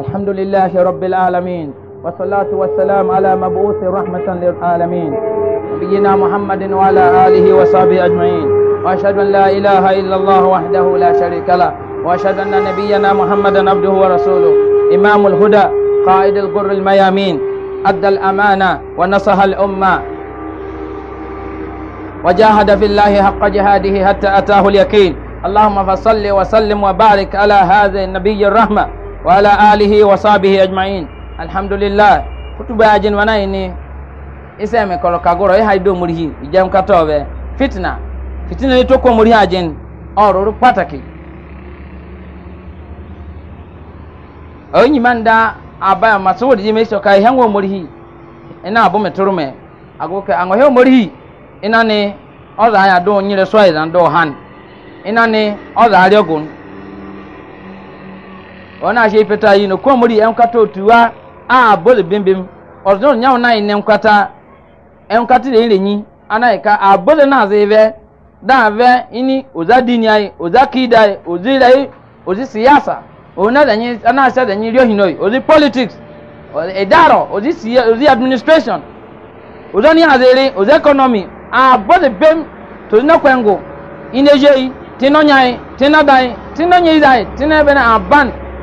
الحمد لله رب العالمين والصلاة والسلام على مبعوث رحمة للعالمين نبينا محمد وعلى آله وصحبه أجمعين وأشهد أن لا إله إلا الله وحده لا شريك له وأشهد أن نبينا محمدا عبده ورسوله إمام الهدى قائد القر الميامين أدى الأمانة ونصح الأمة وجاهد في الله حق جهاده حتى أتاه اليقين اللهم فصل وسلم وبارك على هذا النبي الرحمه وعلى آله وصحبه أجمعين الحمد لله kutuba ajin wana ini isa mi koro kagoro ya haido murihi ijem katobe fitna fitna ni toko murihi ajin ororo pataki onyi manda abaya masudi jime iso kai hango murihi ina abu meturume agoke angohe murihi ina ni oza ya do nyire swa izan do han ina ni oza ariogun ona ashe peta yi no ko muri otuwa a bol bimbim ozo nyawo na ine nkwata en de renyi ana ka a na zeve da ve ini oza dini kida ozi lai ozi siyasa nyi ana ashe da nyi ryo hinoi ozi politics edaro ozi siya ozi administration ozo ni ozi economy a bim na kwengo aban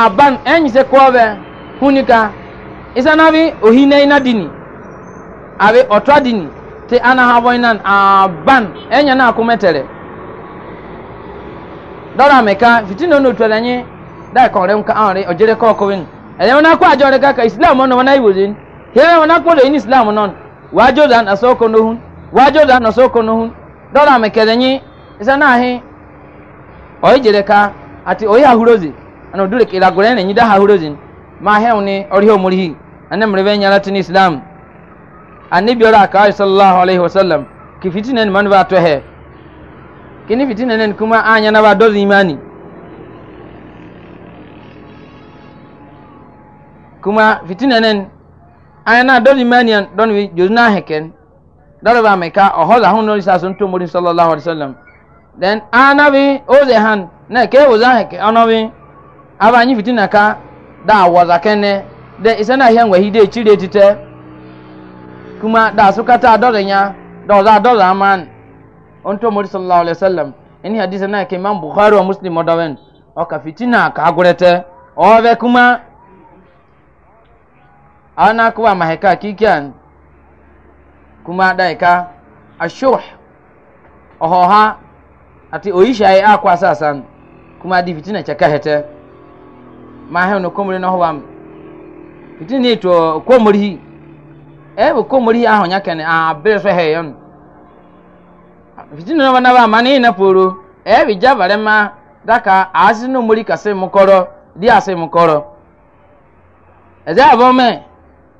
aban enyise kɔɔbɛ hunika isanabi e ohine ohi ɔtɔ te ana nan aban na akomɛtɛrɛ e dɔra mɛka fitina ono tuɛrɛ nye da e kɔɔre nka ɔre ɔgyere kɔɔkɔwe no ɛyɛ wɔn akɔ adzɔre kaka islam ɔno wɔn ayi wɔde ni yɛrɛ wɔn akɔ do yin islam nɔn wadzo dan asɔkɔ nohun wadzo nye ɔyɛ gyere ka ati ana dure ke lagore ne nyida ha hurozin ma hew ne oriho murihi ana mrebe nyala tin islam ani ora ka sallallahu alaihi wasallam ki fitinen man ba to he kini fitinen kuma anya na ba dozi imani kuma fitinen anya na dozi imani don wi jozna heken daraba mai ka ohola hun no isa sun to muri sallallahu alaihi wasallam then anabi ozehan na ke ozahan ke onobi abanyi fitina ka da awaza kene da isa na hiyan wahi dai cire tite kuma da su kata dozanya da za doza aman on to muri sallallahu alaihi wasallam in hadisi na ke imam bukhari wa muslim madawen o ka fitina ka gurete o kuma ana kuwa maheka kikian kuma daika, ka ashuh ohoha ati oisha ai e akwa sasan kuma di fitina chakahete mahe no komri no hwam iti ni to komri e bo komri aho nya kene a be so he yon iti no na ba mani na poro e bi jabare ma daka asi no muri kase mukoro di ase mukoro eze abo me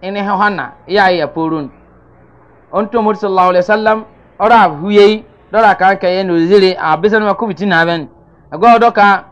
ene he hana e ya ya porun onto muri sallallahu alaihi wasallam ora huye dora ka ka ye no zire a bisan ma kubiti na ben ago doka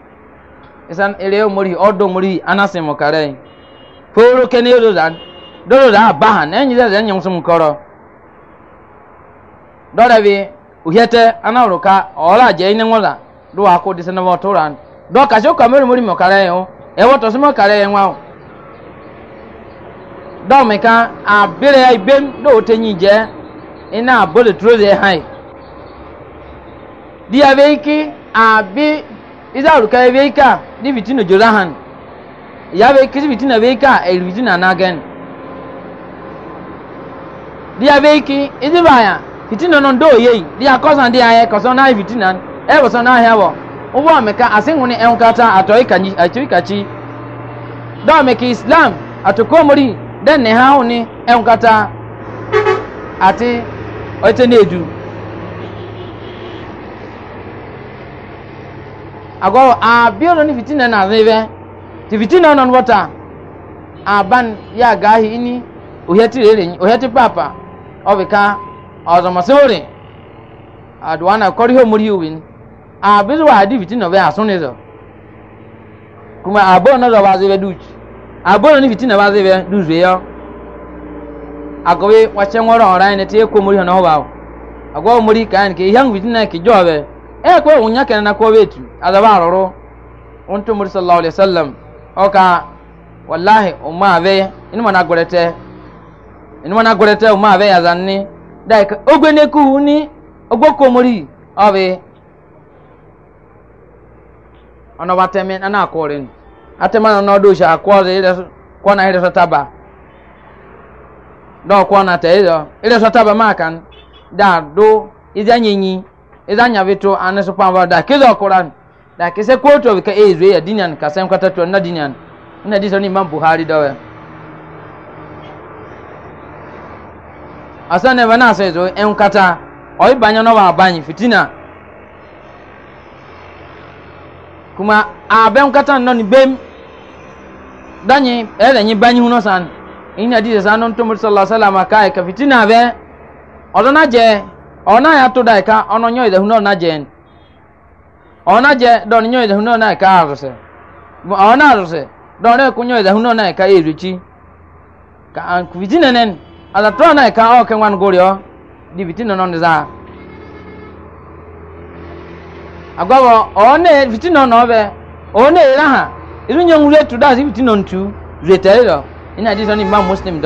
isan ere omori odo omori anase mo kare foro kene yodo da dodo da abaha na enyi da enyi nsum koro dora bi uhete anaruka ola je ine ngola do ako dise na wotoran do ka shoka mero mori mokare kare yo e woto sumo kare enwa o do me ka abire ibem do tenyi je ina abole trode hai dia veiki abi iza ruka ebe ika ni vitino jorahan ya be kisi vitino be ika el vitino anagen dia be iki izi baya vitino non do ye dia kosan dia ye kosan na vitino e bosan na hia bo ubo ameka asenwune enkata atoi kanyi atoi kachi do meki islam atokomori den ne hauni enkata ati oite na edu agoro abiyo ah, ni fitina na zebe ti fitina non wata aban ah, ya gahi ini uheti rere uheti papa obika ozomasore aduwana kori ho muri uwin abizo ah, wa di fitina be asunizo kuma abo na zo ba zebe duchi abo ni fitina ba zebe duzwe yo agobe wache ngoro ora ne te ko muri ho no ba ago muri kan ke yang fitina ke jobe e ko unya kana na ko wetu adaba aroro onto sallallahu alaihi wasallam oka wallahi umma ave inu mana gorete inu mana gorete umma ave azanni dai ogwene ku ave bateme na akorin atema na odo sha akwore ile kwa na ile kwa na te ile makan da do idan ya vito an su pan ba da ke zo Quran da ke se ko to ka e eh, zuwa dinyan ka san kwata to na dinyan ina diso ni Imam Buhari dawe asa bana sai zo en eh, kata oyi banya no ba banyi fitina kuma abem kata no ni bem danyi ele nyi banyi huno san ina diso sanon to Muhammad sallallahu alaihi wasallam ka ka fitina be odona je ona ya to dai ka ono nyoy de huno na jen je don nyoy de huno na ka don re ku nyoy de na ka eruchi ka an ku vidine nen ala to na ka o ke wan gorio di za agbawo ona vitino no be ona ira ha iru nyon re to da vitino ntu re tele ina di so muslim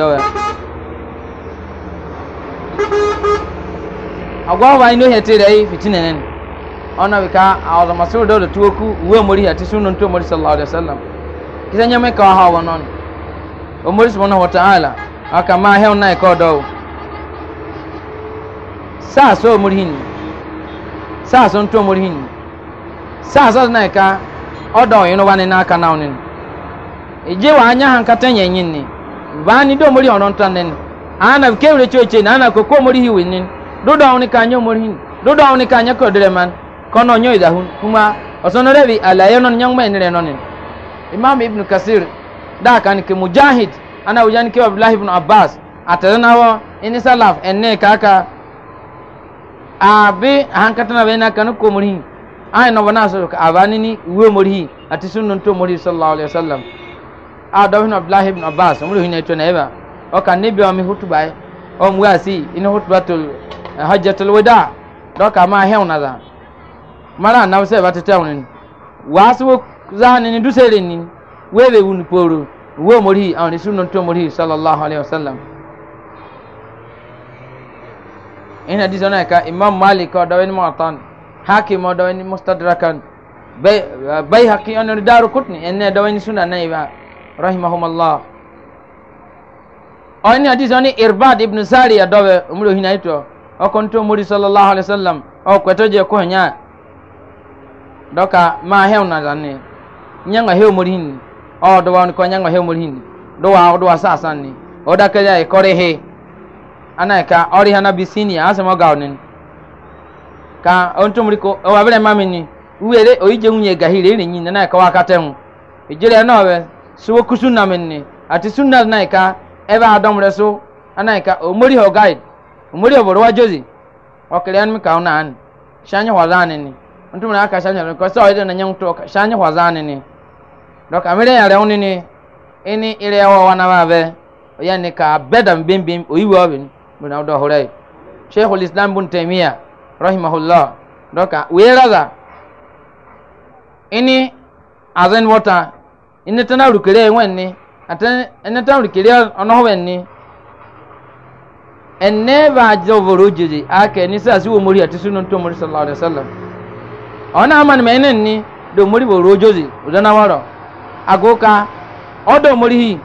agwa wa ino hete da yi fitina ne ona wika awala masu da da tuwoku uwe mori hete sunan to mori sallallahu alaihi wasallam kisa ya mai kawo hawa o mori na wa ta'ala aka ma na ko do sa so mori hin sa so mori hin sa so na ka odo wani na aka na onin ije wa anya han katan yanyin ne ba do mori onon tan ne ana kewre choche na ana ko mori dodo awon ka nyo morhin dodo awon ka nyo ko dere man kono nyo ida hun kuma osono rebi alaye non nyang men re non imam ibn kasir da kan ke mujahid ana ujan ke abdullah ibn abbas atana wa ini salaf enne kaka abi hankatana be na kan ko morhin ay no bana so ka abani ni we morhi ati sunnun to morhi sallallahu alaihi wasallam a adawin abdullah ibn abbas umru hinay to na o kan ne bi o mi hutuba o mu asi ini hutubatul hajjatul wada doka ma hew na za mara na se ba tete won wasu za ni ni dusere ni wewe wun poro wo mori awon ni sunnon to mori sallallahu alaihi wasallam in hadith ona ka imam malik o dawin mu'tan hakim o dawin mustadrakan bay bay haqi on daru kutni en dawin sunan nay ba rahimahumullah oni hadith oni irbad ibn sari adobe umulo hinaito okonto muri sallallahu alaihi wasallam o kwetoje ko nya doka ma hew na zani nyanga hew muri hin o do wan ko nyanga hew muri hin do wa do asasa ni o da e e ka ya ikore he anaika ori hana bisini asemo gaunin ka onto muri ko o abere mami ni uwere oije nwunye gahire ni nyin na e ka wa katem ejere na obe suwo kusu na menni ati sunna na ka ebe adomre so anaika o muri ho guide muri oboro wa jozi okere an mika una an shanya hwazani ni ntum na aka shanya ko so ide na nyang to shanya hwazani ni dok amire ya re unini ini ire ya wana babe ya ni ka bedam bim bim oyiwe obin mun na do hore shaykhul islam bun taymiya rahimahullah doka weeraza ini azen wota ini tana rukere wenni atan ini tana rukere onohwenni ene ba jovoro jiji aka ni sa si wo mori ati sunun to mori sallallahu alaihi wasallam ona man me nen ni do mori wo rojoji udana waro agoka odo mori hi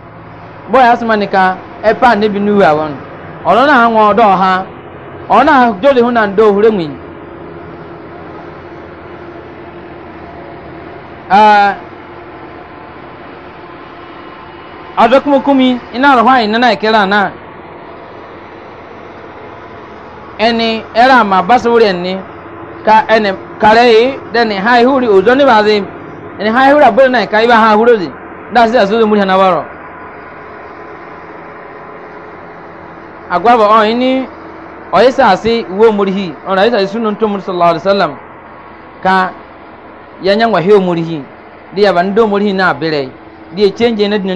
boy asmani ka epa ne bi nuwe awon ona na anwo odo ha ona ọha. hu na ndo hure nwi ah adokmu kumi ina rohai nana ikera na ɛni ɛra basawuri ɛni ka eni kare yi ha ni ha ihuri nai ka iba ha zi daa sisi asozo muri hana waro agwabo ɔn ini ɔyi saasi wo muri hi ɔn ayi saasi sunu ntom sallallahu alaihi ka yanya wa hiyo hi di yaba ndo muri hi na di na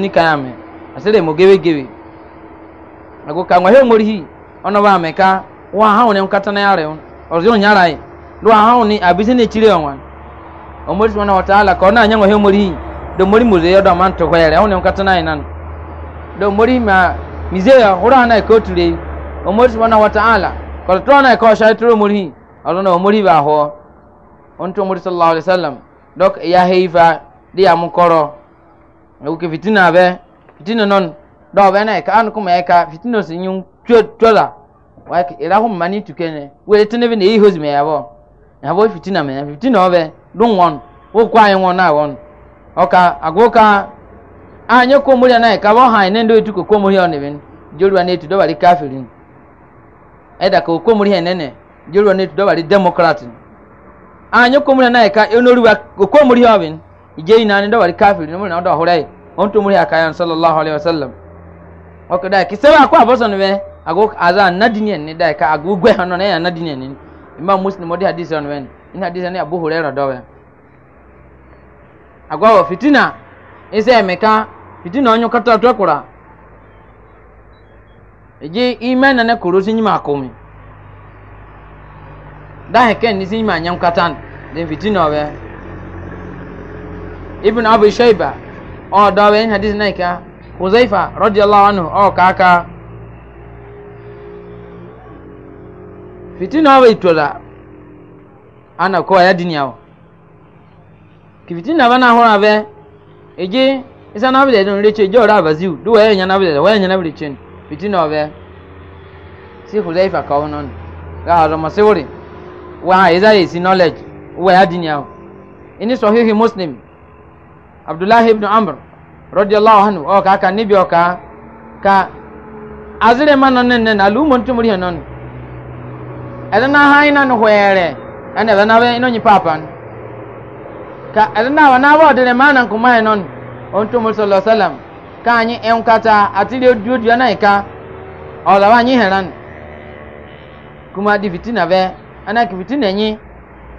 ka ya hiyo hi ba wa hao ne nkata na yare un, orjo nyara yi do hao ni abisi ne chire on omori subhana wa ta'ala ko na nyango he mori do mori muze yodo man to ko yare on ne nkata na nan do mori ma mize ya hura na ko ture omori subhana wa ta'ala ko to na ko shay ture mori aro na omori ba ho on to mori sallallahu alaihi wasallam dok ya heifa dia mu koro uke fitina be fitina non do be na ka an kuma ya ka fitina sin yun twa wake irahu mani tukene wele tene be ne iho yabo na bo me fitina obe dun won wo kwa won na won oka agoka anye ko muri na ka bo han ne ndo tuko ko muri oni bin joruwa ne tu dobali kafirin eda ko ko muri henene joruwa ne tu dobali democrat anye ko muri na ka ko muri ina ne kafirin muri na ndo on to muri aka ya sallallahu alaihi wasallam oka da ko ago aza anadini ni da ka ago gwe hano na anadini ni imam muslim odi hadith on wen in hadith ni abu hurairah do ago wa fitina ise emeka fitina onyo kata to kura eji ime na ne koro sinyi ma komi da he ken ni sinyi ma nyam katan den fitina we ibn abi shayba o do we in hadith na ka huzaifa radiyallahu anhu o kaka fitina wa itola ana ko ya dunya wa ki fitina bana hora be eje isa na bide don reche jo ra baziu do wa nya na bide wa nya na bide chen fitina wa be si hulaifa ka wonon ga haro masewori wa iza is knowledge wa ya dunya wa ini sahihi muslim Abdullahi ibn amr radiyallahu anhu o ka ka nibi o ka ka azire manon nen nen alumontumuri hanon ɛde na han na no hwɛɛrɛ ɛna ɛbɛ na bɛ ɛna onyi paapa no ka ɛde na wɔn abɔ ɔde ne mmaa na nkoma yɛ no no ɔntum sɔlɔ sɛlɛm ka anyi nkata ati de duodua na ɛka ɔlɔba anyi hɛrɛ no kuma di fiti na bɛ ɛna fiti na ɛnyi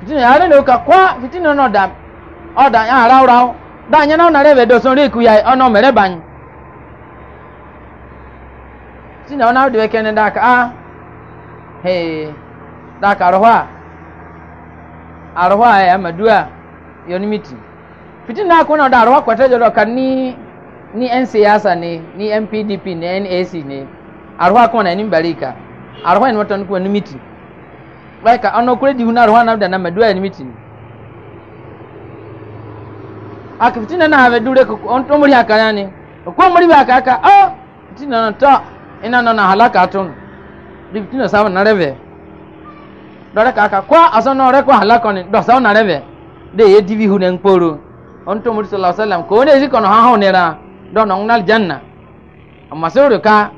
fiti na ɛyare na oka kwa fiti na ɔda ɔda aharaw da anyi na ɔnara ɛbɛ dɔsɔn reeku ya ɔnɔ mɛrɛ ban fiti na ɔna ɔde bɛ kɛ ne da ka ah hee. daka aroho a aroho a ɛyɛ eh, amadu a yɛ no miti fiti na akɔn na ɔda aroho akɔtɛ gyɛ dɔka ni ni ncasa ni ni npdp ni nac ni aroho akɔn na anim barika aroho a yɛ no wɔtɔ no kɔ no miti barika ɔno kura di hu na aroho anam da na amadu a yɛ no miti aka fiti na na ha bɛ dure koko ɔmori aka ya ni okomori bɛ aka aka ɔ oh, fiti na na tɔ ina na na halaka ato no fiti na sábà na rɛ bɛ. dɔre ka aka kwa asɔnɔ rɛ ko halakɔni dɔsɔn na bɛ de ye dibi hu ne nkporo on to muri sallallahu alaihi wasallam ko ne zi kono hawo ne ra do no ngal janna amma sai ro ka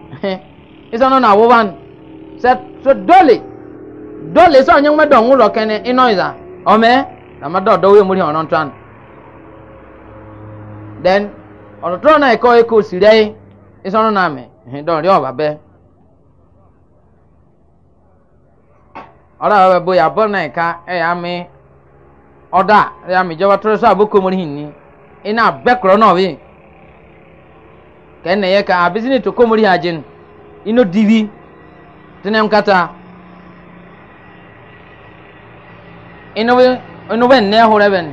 isono na woban se so dole dole so anyang ma do ngulo kene inoiza ome na ma do do we muri onon tan then on to na ko e ko sire isono na me do ri oba be ọ̀rọ̀ àwọn ẹ̀bọ̀ yàbọ̀ náà ẹ̀ka ẹ̀ yà mí ọ̀dà ẹ̀ yà mí ìjọba tó sọ àbúkọ ka? ni tòkó mọ́rin àjẹ́ nù inú e diwi tẹ́nẹ̀ nkata inú bẹ́ẹ̀ nẹ́ ẹ̀hórẹ́ bẹ́ẹ̀ ni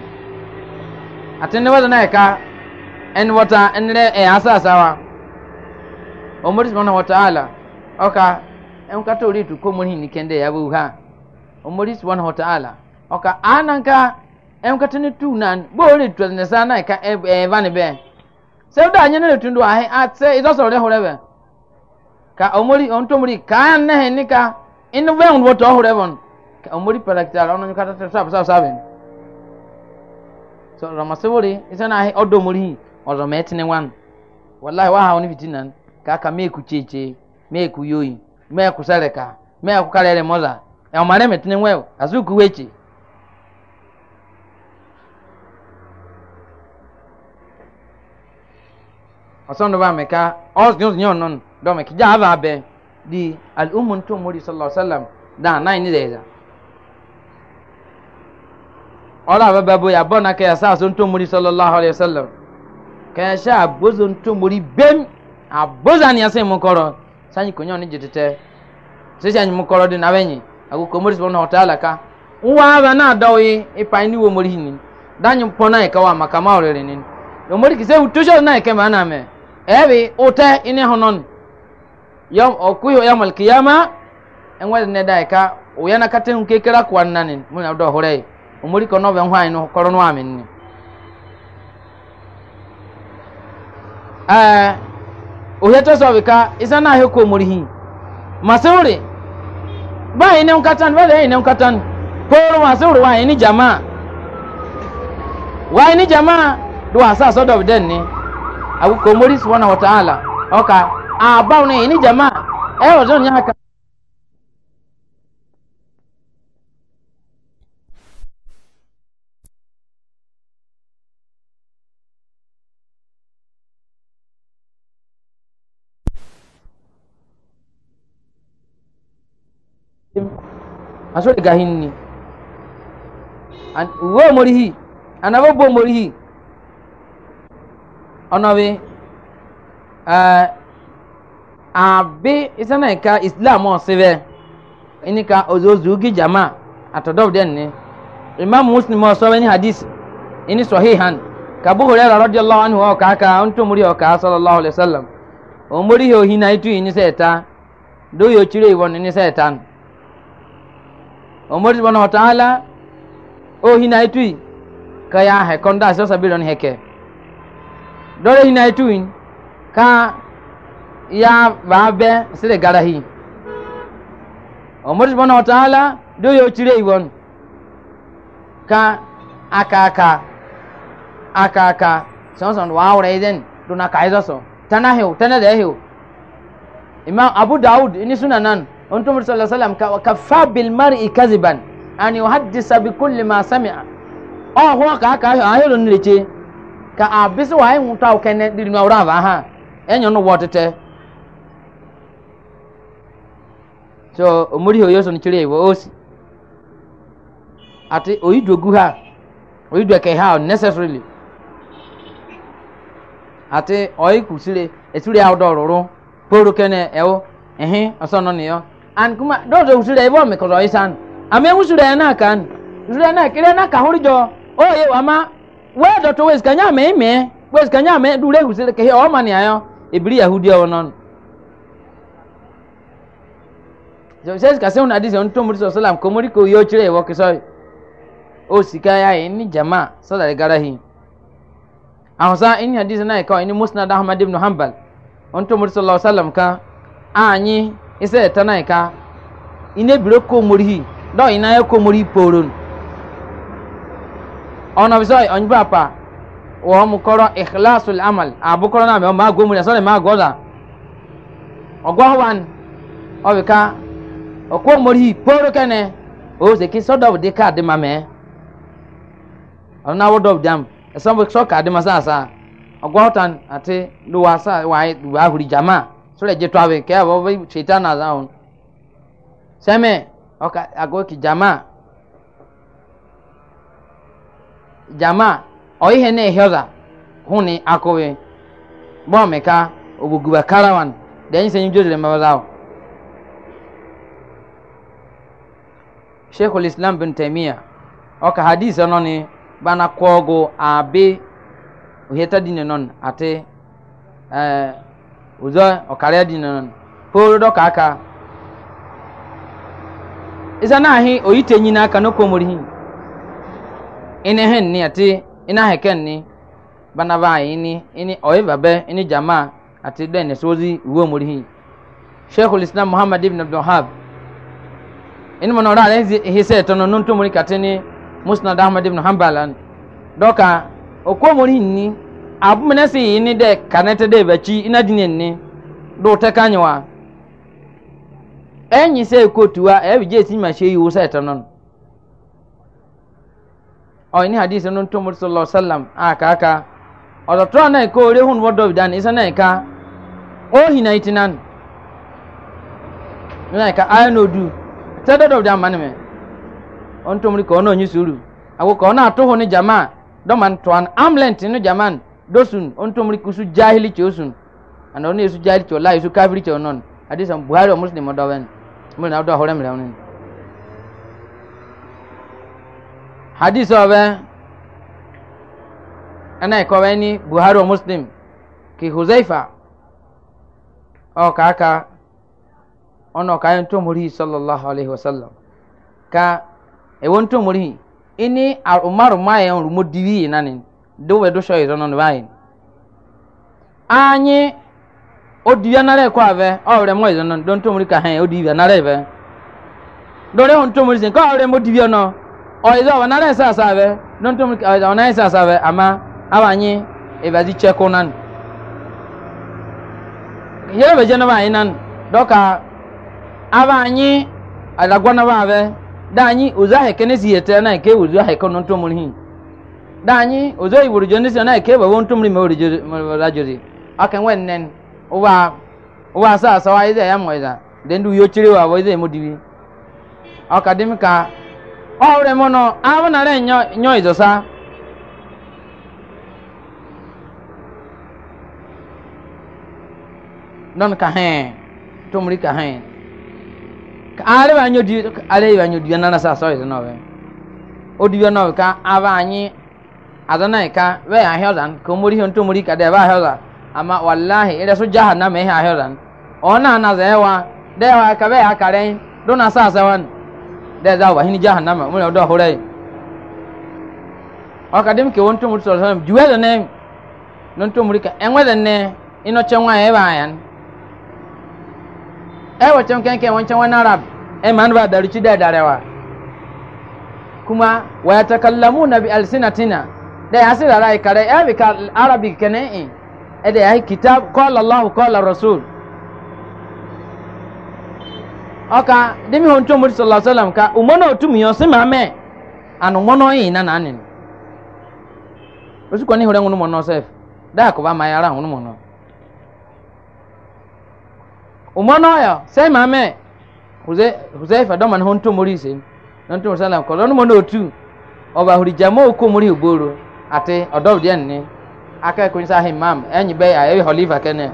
àti ní wọ́dọ̀ náà na ẹni e wọ́ta ẹni e rẹ̀ ẹ̀ asáàsá wa na sọ̀rọ̀ náà wọ́ta àlà ọ̀ka ẹ̀ nkata orí tòkó mọ́rin hìn ha. omori subhanahu wa ala, oka ananka em ka tene tu nan bo e, e, le tu ne sa na ka e ne be se da anya ne tu ndo ahe at se izo so re hore ka omori on to mori ka an ne he ni ka in ka omori pala ki ala on ka ta sa sa sa ben so ramasewori isa na ahe odo mori ozo me tene wan wallahi wa ha oni fitinan ka ka me ku cheche me ku yoyi me ku sareka me ku karere ɛwɔmane metene wɛw aso kuwa ekyi ɔsɔn ba meka ɔsɔn nyɛ ɔno no dɔm kegya ava abɛ di al'ummu ntom mori sallallahu alaihi wasallam da nan ni dɛza ɔlɔ ababa bo yabɔ na kaya sa so ntom mori sallallahu alaihi wasallam kaya hyɛ abozo ntom mori bem abozo aniasa mu kɔrɔ sanyi konya ɔne gye tetɛ sisi anyi mu kɔrɔ di na bɛ nyi ago ko mori subhanahu wa ta'ala ka uwa ba na dawi ipa ni wo mori ni danyi pona ka wa makama orere ni yo mori kise utusho na ke ma na me ebi ute ine honon yom okuyo yom alkiyama enwa ne dai ka uya na katen kekera kwa nani muna do hore umuri kono be hwan no koro no amen ni eh uya to so bika isa na he ko mori hi masuri ba ina nkatan ba da ina nkatan ko masu ruwa ini jama'a wa ini jama'a do asa so do den ni abu ko mori subhanahu wa ta'ala oka a ba ni ini jama'a e o don ya ka asore gahinni wo morihi anabo bo morihi onobe uh, eh, abi isana ka islam osibe inika ozozu gi jama atodob den ni imam muslim osobe ni hadis ini sahihan ka abu hurairah radiyallahu anhu o ka ka onto muri o ka sallallahu alaihi wasallam o mori ho hina itu ini seta do yo chire iwon ni setan omori subhanahu wa ta'ala o hina itui ka ya he konda so sabiron heke dore hina itui ka ya babe sire garahi omori subhanahu wa ta'ala do yo chire iwon ka akaka akaka sonson wa ore den duna kaizo so tana heu tana de heu imam abu daud ini sunanan أنتم صلى الله عليه وسلم كفى بالمرء كذبا أن يحدث بكل ما سمع أو هو كاكا أهل نريتي كأبس وهاي متاو كان دين وراء ها أن ينو واتته so omori ho yoso nkyere ewo osi ati oyidu ogu ha oyidu eke ha necessarily ati oyi kusire esiri awudɔ ruru poro kene ewo ehin ɔsɔ nɔ and kuma dɔw de wusu dɛ i b'o mɛ kɔrɔ n'a kan wusu n'a kiri n'a kan hori jɔ o ye wa ma wɛɛ dɔ to wɛsi ka nya mɛ mɛ wɛsi ka nya mɛ duure wusu kɛ ɔ ma nia yɔ ebiri yahudi yɛ wɔnɔn sɛsi ka sɛwọn adi sɛwọn tomori sɔ sɛlam komori ko yɔ kyerɛ wɔ kisɔ o sika ya yi ni jama sɔda de gara hi ahosan ɛni n'a yi ka ɛni musna dahamadi ibn hanbal ɔn tomori sɔ lɔ sɛlam ka aanyi ise tana ka ine biro ko mori do ina ya ko mori poron ona biso onyi papa wo mu koro ikhlasul amal abu koro na me ma go muri so ma go da ogwa wan o ka okwo mori poro kene o se ki sodo de ka de mame ona wodo jam eso bo so ka de masasa ogwa tan ate do wasa wa wa huri jamaa sore je twabe ke abo bai shaitan azahun seme oka ago ki jama jama oyi hene hyoda huni akowe bo meka oguguba karawan da yin sanyi jojile mabazawo sheikhul islam bin taimiya oka hadis ono ni bana kogo abe uheta dine non ate eh, ụzọ ọkara dị nọ Pụrụ dọka aka ịsa na ahị oyite oyitenyi n'aka n'okwu omorihi ịnị hen nni ati ịnị ahịken nni. banaba anyị ịnị ịnị ọyịbabe ịnị jama ati na esi ozi uwe omorihi Shekul islam muhammad ibn abdul hab ịnị mọ n'ọrụ ala ihe sị ịtọ nọ n'otu omori kati ni musnad ahmad ibn hanbal dọka okwu omorihi ni abu mene si yi ni de kanete de vechi ina dine ni do te kanywa enyi se kotuwa e bi je si ma she yi wusa etanon o ini hadisi nun to muhammad sallallahu alaihi wasallam aka aka odo to na ko re hun wodo bidan isa na ka o hi na itinan na ka ayo no du te do do bidan manime on to muri ko no nyi suru ago ko na to ho ni jamaa do man to an amlent dosun ontomri kusu jahili chosun and oni su jahili chola isu kafiri chonon adisan buhari o muslim odawen mun na odaw horem raunin hadis obe ana ikowe ni buhari o muslim ki huzaifa o kaka ono kayan tomuri sallallahu alaihi wasallam ka ewon tomuri ini arumarumaye on rumodiwi nanin dewe do shoyi zono no bayin anyi odiya nare kwa ave awre mo zono don to muri ka hen odiya nare be dore hon to muri zin ko awre mo diya no o izo wa nare sa sa be don to muri ka o nare sa sa be ama awanyi e bazi cheko nan yere be jeno bayin nan doka awanyi alagwana ba ave da anyi uzahe kenesi yete na ke uzahe kono to muri hin danyi ozo iburu jo nisi na ke ba won tumri me ori rajori akan wen nen uba uba sa sa wa ize ya moiza den du yo chiri wa wa ize mo diwi akademika ore mono awu na re nyo nyo izo sa non ka he tumri ka he are ba nyo di are ba nyo di na na sa so izo no be odiwe no ka aba anyi adana ka we a hyodan ko muri hon to muri ka de ba hyoda amma wallahi ida su jahannama eh, he a hyodan ona na zewa de wa ka we akare dona sa sawan de za wa hin jahannama eh, mun do hore o ka dim ke won to muri so so juwe da ne non to muri ka enwe da ne ino chenwa e eh, ba yan e wa chen ken ken won chen wa arab e man ba daruci da darewa kuma wa yatakallamuna bi alsinatina da ya sira rai kare ya bi ka arabi kene in e da ya kitab qala allah qala rasul oka dimi hon to muri sallallahu alaihi wasallam ka umono otumi yo se mame anu mono yin na nanin osu kwani hore ngunu mono sef da ko ba ma yara ngunu mono umono yo se mame huze huze fa do man hon to muri se non to sallallahu alaihi wasallam ko non mono otu oba huri jamo ko muri oboro ate ɔdɔw deɛ nne aka kun sa himam ɛnyi bɛyɛ a ɛyɛ hɔliva kɛnɛ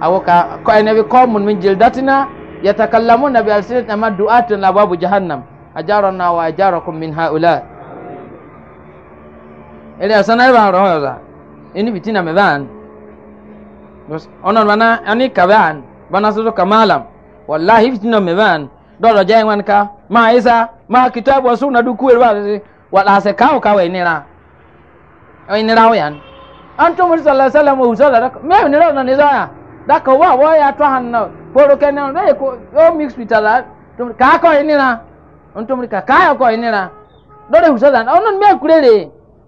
awo ka kɔ ɛnɛ bi kɔmun min jil datina yatakallamu na bi alsinat na ma du'atun la babu jahannam ajaro na wa ajaro kum min haula ele asana ba ro yo da ini bitina me ban bas onon bana ani kaban bana so kamalam wallahi bitina me ban dɔdɔ jɛ ŋwan ka maa isa maa kitabu wa sunna du kuwe ba wala se kaw kawe nira ọyìn nira ọyà ni anto mo sọlá sẹlẹ mo wùsọ lọdọ mẹ nira ọ̀nà ní sọyà dàkọ wà wọ́ ya tọ́ hàn náà poro kẹ́ni ọ̀nà yẹ kó ó mix with ala kàá kọ́ yìí nira anto mo kà kàá yọ kọ́ yìí nira lọ́dọ̀ wùsọ lọdọ ọ̀nà mẹ kúrẹ́ rè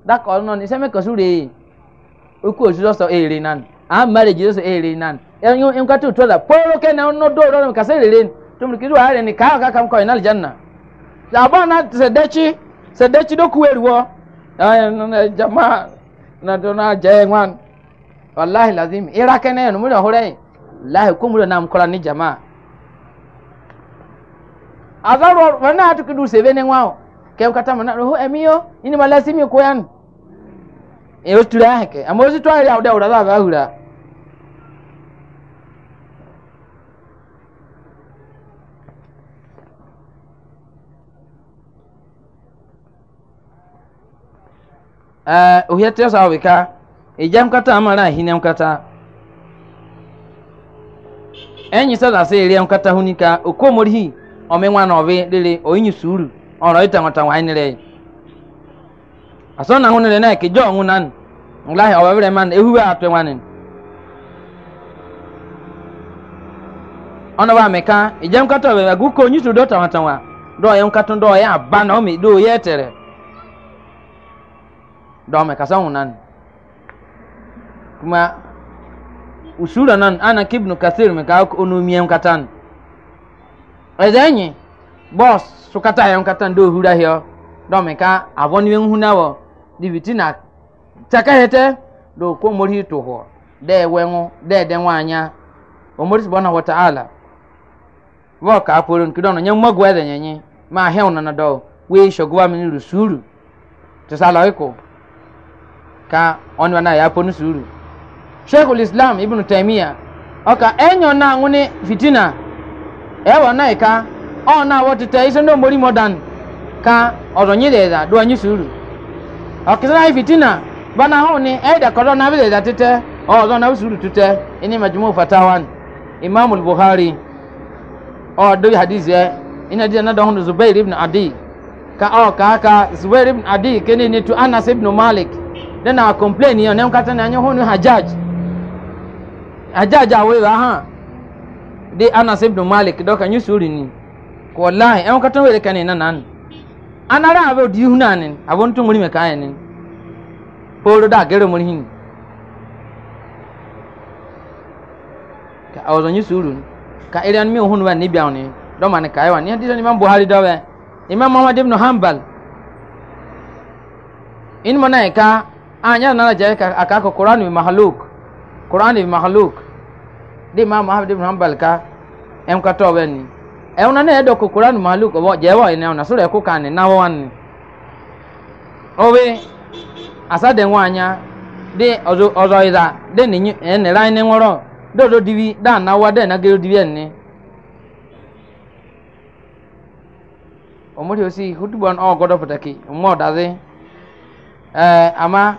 dàkọ ọ̀nà ní sẹ́mi kọ̀sù rè okú òṣìṣẹ́ sọ èrè náà à mẹ́rẹ̀ jìdí sọ èrè náà ẹ̀yin nǹkan tó tọ́ la poro kẹ́ni ọ̀nà dọ́ọ̀rọ̀ mi kà sẹ́rẹ̀ rè tó mo kì í sọ àárẹ̀ ni kàá kà kà kọ́ yìí náà lìjẹ́ nà jamaa na to na jaye ngwan wallahi lazim ira kene no mudo hore lahi ko mudo nam kola ni jamaa azaro wana atukidu sevene ngwao ke kata mana ho emio ini malasi mi koyan e otula heke amozi twali awda awda ba hura ohia eh, uh, tiyo sawa wika ijam kata amara hinem nkata. enyi sada se ere nika hunika okomori hi omenwa na obi lele oyinyi suru ọrọ ita nwata wa nire aso na hunire na ke jo ngun nan nglahi obere man ehuwe ato wanin ọnọ ba meka nkata kata obi aguko onyi suru dota nwata wa do yem kata do ya ba na o mi do ye dɔmɛ kasa hunan kuma usura nan ana kibnu kasir mi ka onu miyam katan ɛzɛnyi bɔs sukata yam katan do hura hɛ dɔmɛ ka avɔni bɛ huna wɔ dibiti na taka hɛtɛ do ko mori to hɔ dɛ wɛŋu dɛ dɛ wanya o mori sibɔ na wata ala bɔ ka polon kidɔn na nyɛ mɔ gɔɛ dɛ nyɛ nyi ma hɛn nana dɔw wei sɔgɔba mi ni rusuru tisala oiko ka ɔne na yɛ apɔ no suuru sheikhul islam ibn taimiya ɔka ɛnyɛ ɔna nwene fitina ɛwɔ e na ɛka ɔna wɔtetɛ isɛ no mori mɔdan ka ɔdɔnye dɛda do anyi suuru ɔkesa na fitina bana hɔ ne ɛyɛda kɔdɔ na bɛdɛda tetɛ ɔdɔ na suuru tetɛ ɛne majumu fatawan imamul buhari ɔdɔ hadis yɛ ina di na dɔn zubair ibn adi ka ɔka ka zubair ibn adi kene ne tu anas ibn malik then na complain yẹn ọ̀nà nkata na anyẹ hó ni hajjaj hajjaj àwọn ìwà hàn de anas ibn malik dọ́kà nyẹ sórí ni kò láì ẹ̀ nkata wẹ̀rẹ̀ kàn ní nànà ni anara àbẹ̀ òdi ihu náà ni àbọ̀ ntọ́ mọ́rí mẹ̀ká yẹn ni pọ́ọ́rọ́ dá àgẹ́rẹ́ mọ́rí hìn ka ọ̀zọ̀ nyẹ sórí ni ka ẹ̀rẹ́ mi ò hún wa níbi àwọn ni dọ́mà ni kàáyé wa ní ẹ̀ dídọ́ ni imam buhari dọ́wẹ́ eh? imam muhammad ibn hanbal in mọ̀ náà yẹ ká. anyan nana jaye ka aka ko qur'an bi mahluk qur'an bi mahluk di ma ma di hambal ka em ka to ben e ona ne do ko qur'an mahluk wo je wo ne ona sura ko kan na wan owe asade wanya de ozo ozo iza de ni en eh, ran ni woro do do diwi dan na wa de na gero diwi en ni omo de osi hutu bon o oh, godo potaki mo da ze eh ama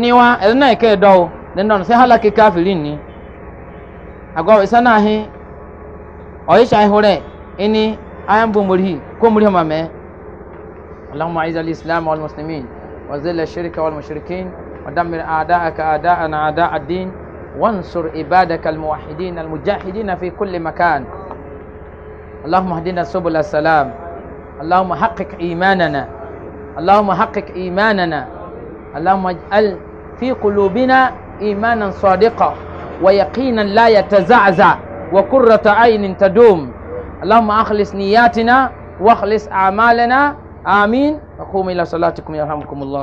niwa ɛdɛ na ɛkɛ dɔw ne nɔ sɛ halaki kafiri ni agɔ ɛsɛ na ahi ɔyɛ hyɛ ahorɛ ɛni ayan bomori komori hama mɛ اللهم اعز الاسلام والمسلمين وذل الشرك والمشركين ودمر اعداءك اعداءنا اعداء الدين وانصر عبادك الموحدين المجاهدين في كل مكان اللهم اهدنا سبل السلام اللهم حقق ايماننا اللهم حقق ايماننا اللهم اجعل في قلوبنا إيمانا صادقا ويقينا لا يتزعزع وقرة عين تدوم اللهم أخلص نياتنا واخلص أعمالنا آمين وقوموا إلى صلاتكم يرحمكم الله